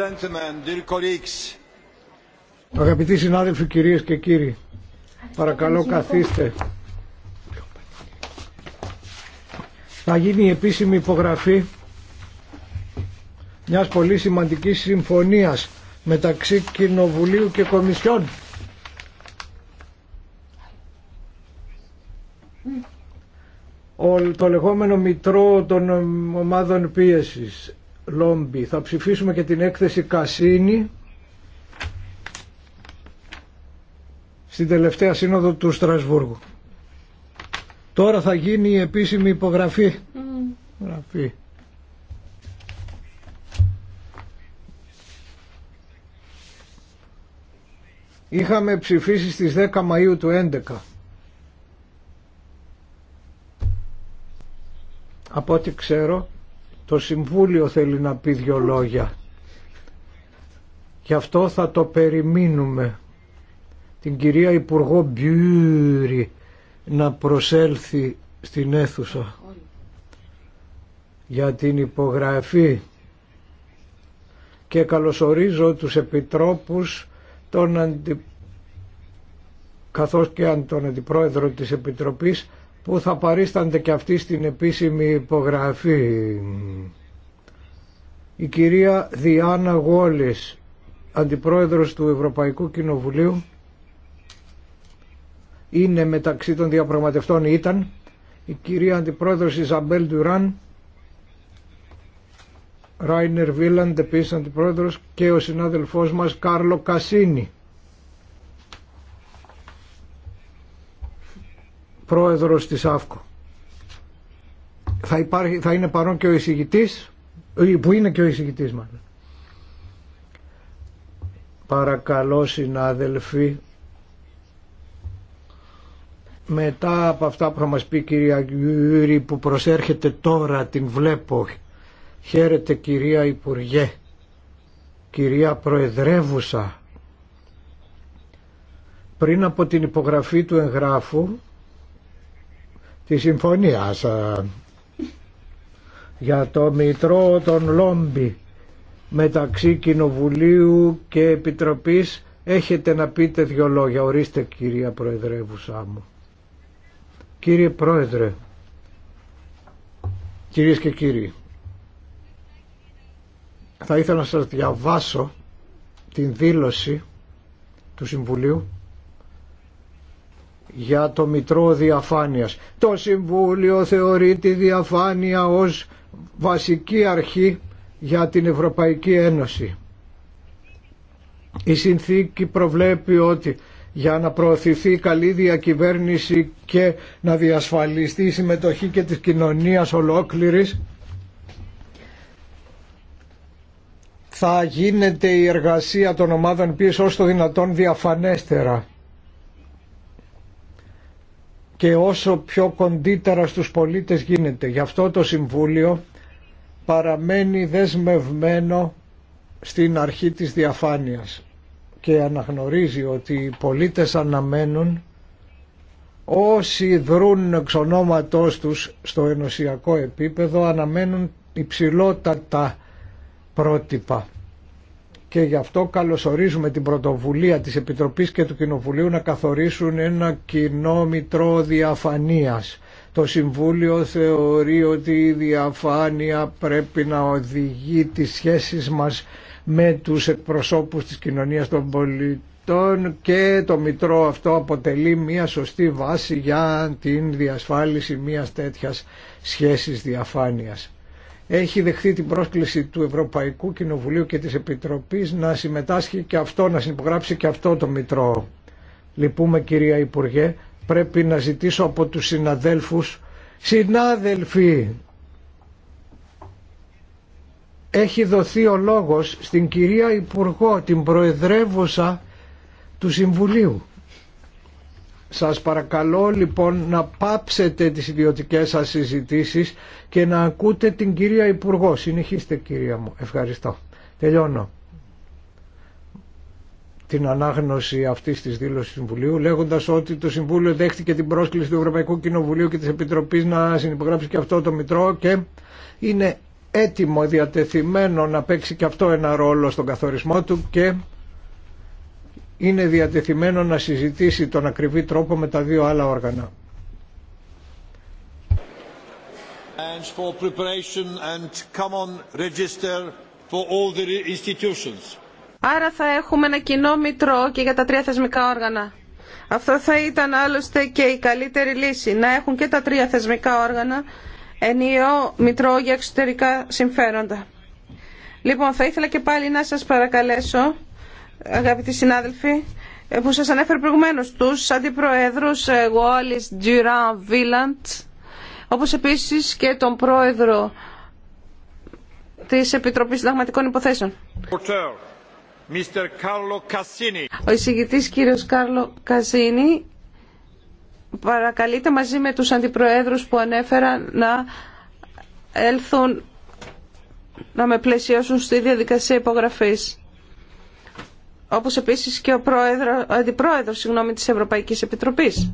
Uh, Αγαπητοί συνάδελφοι, κυρίες και κύριοι, παρακαλώ καθίστε. Θα γίνει η επίσημη υπογραφή μιας πολύ σημαντικής συμφωνίας μεταξύ Κοινοβουλίου και Κομισιόν. το λεγόμενο μητρό των ομάδων πίεσης Λόμπι. Θα ψηφίσουμε και την έκθεση Κασίνη στην τελευταία σύνοδο του Στρασβούργου. Τώρα θα γίνει η επίσημη υπογραφή. Mm. Είχαμε ψηφίσει στις 10 Μαΐου του 11. Από ό,τι ξέρω το Συμβούλιο θέλει να πει δυο λόγια. Γι' αυτό θα το περιμείνουμε. Την κυρία Υπουργό Μπιούρη να προσέλθει στην αίθουσα για την υπογραφή και καλωσορίζω τους επιτρόπους τον αντι... καθώς και τον αντιπρόεδρο της Επιτροπής που θα παρίστανται και αυτοί στην επίσημη υπογραφή. Η κυρία Διάννα Γόλης, αντιπρόεδρος του Ευρωπαϊκού Κοινοβουλίου, είναι μεταξύ των διαπραγματευτών ήταν η κυρία αντιπρόεδρος Ιζαμπέλ Ντουράν, Ράινερ Βίλαντ επίσης αντιπρόεδρος και ο συνάδελφός μας Κάρλο Κασίνη. πρόεδρος της ΑΦΚΟ. Θα, υπάρχει, θα είναι παρόν και ο εισηγητής, ε, που είναι και ο εισηγητής μάλλον. Παρακαλώ συνάδελφοι, μετά από αυτά που θα μας πει η κυρία Γιούρη που προσέρχεται τώρα, την βλέπω, χαίρετε κυρία Υπουργέ, κυρία Προεδρεύουσα, πριν από την υπογραφή του εγγράφου Τη συμφωνία ε, για το Μητρό των Λόμπι μεταξύ Κοινοβουλίου και Επιτροπής έχετε να πείτε δυο λόγια. Ορίστε κυρία Προεδρεύουσά μου. Κύριε Πρόεδρε, κυρίες και κύριοι, θα ήθελα να σας διαβάσω την δήλωση του Συμβουλίου για το Μητρό Διαφάνειας. Το Συμβούλιο θεωρεί τη διαφάνεια ως βασική αρχή για την Ευρωπαϊκή Ένωση. Η συνθήκη προβλέπει ότι για να προωθηθεί καλή διακυβέρνηση και να διασφαλιστεί η συμμετοχή και της κοινωνίας ολόκληρης θα γίνεται η εργασία των ομάδων πίσω όσο το δυνατόν διαφανέστερα και όσο πιο κοντύτερα στους πολίτες γίνεται. Γι' αυτό το Συμβούλιο παραμένει δεσμευμένο στην αρχή της διαφάνειας και αναγνωρίζει ότι οι πολίτες αναμένουν όσοι δρούν εξ ονόματός τους στο ενωσιακό επίπεδο αναμένουν υψηλότατα πρότυπα και γι' αυτό καλωσορίζουμε την πρωτοβουλία της Επιτροπής και του Κοινοβουλίου να καθορίσουν ένα κοινό μητρό διαφανείας. Το Συμβούλιο θεωρεί ότι η διαφάνεια πρέπει να οδηγεί τις σχέσεις μας με τους εκπροσώπους της κοινωνίας των πολιτών και το μητρό αυτό αποτελεί μια σωστή βάση για την διασφάλιση μιας τέτοιας σχέσης διαφάνειας έχει δεχθεί την πρόσκληση του Ευρωπαϊκού Κοινοβουλίου και της Επιτροπής να συμμετάσχει και αυτό, να συμπογράψει και αυτό το Μητρό. Λυπούμε κυρία Υπουργέ, πρέπει να ζητήσω από τους συναδέλφους, συνάδελφοι, έχει δοθεί ο λόγος στην κυρία Υπουργό, την Προεδρεύουσα του Συμβουλίου. Σας παρακαλώ λοιπόν να πάψετε τις ιδιωτικές σας συζητήσεις και να ακούτε την κυρία Υπουργό. Συνεχίστε κυρία μου. Ευχαριστώ. Τελειώνω την ανάγνωση αυτή τη δήλωση του Συμβουλίου, λέγοντα ότι το Συμβούλιο δέχτηκε την πρόσκληση του Ευρωπαϊκού Κοινοβουλίου και τη Επιτροπή να συνυπογράψει και αυτό το Μητρό και είναι έτοιμο, διατεθειμένο να παίξει και αυτό ένα ρόλο στον καθορισμό του και είναι διατεθειμένο να συζητήσει τον ακριβή τρόπο με τα δύο άλλα όργανα. Άρα θα έχουμε ένα κοινό μητρό και για τα τρία θεσμικά όργανα. Αυτό θα ήταν άλλωστε και η καλύτερη λύση, να έχουν και τα τρία θεσμικά όργανα ενίο μητρό για εξωτερικά συμφέροντα. Λοιπόν, θα ήθελα και πάλι να σας παρακαλέσω αγαπητοί συνάδελφοι, ε, που σας ανέφερε προηγουμένως τους αντιπροέδρους ε, Wallis Τζιραν Βίλαντ, όπως επίσης και τον πρόεδρο της Επιτροπής Συνταγματικών Υποθέσεων. Ο εισηγητής κύριος Κάρλο Καζίνη παρακαλείται μαζί με τους αντιπροέδρους που ανέφερα να έλθουν να με πλαισιώσουν στη διαδικασία υπογραφής όπως επίσης και ο πρόεδρο, αντιπρόεδρος συγγνώμη, της Ευρωπαϊκής Επιτροπής.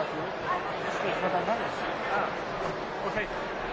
Αυτό Α. Okay.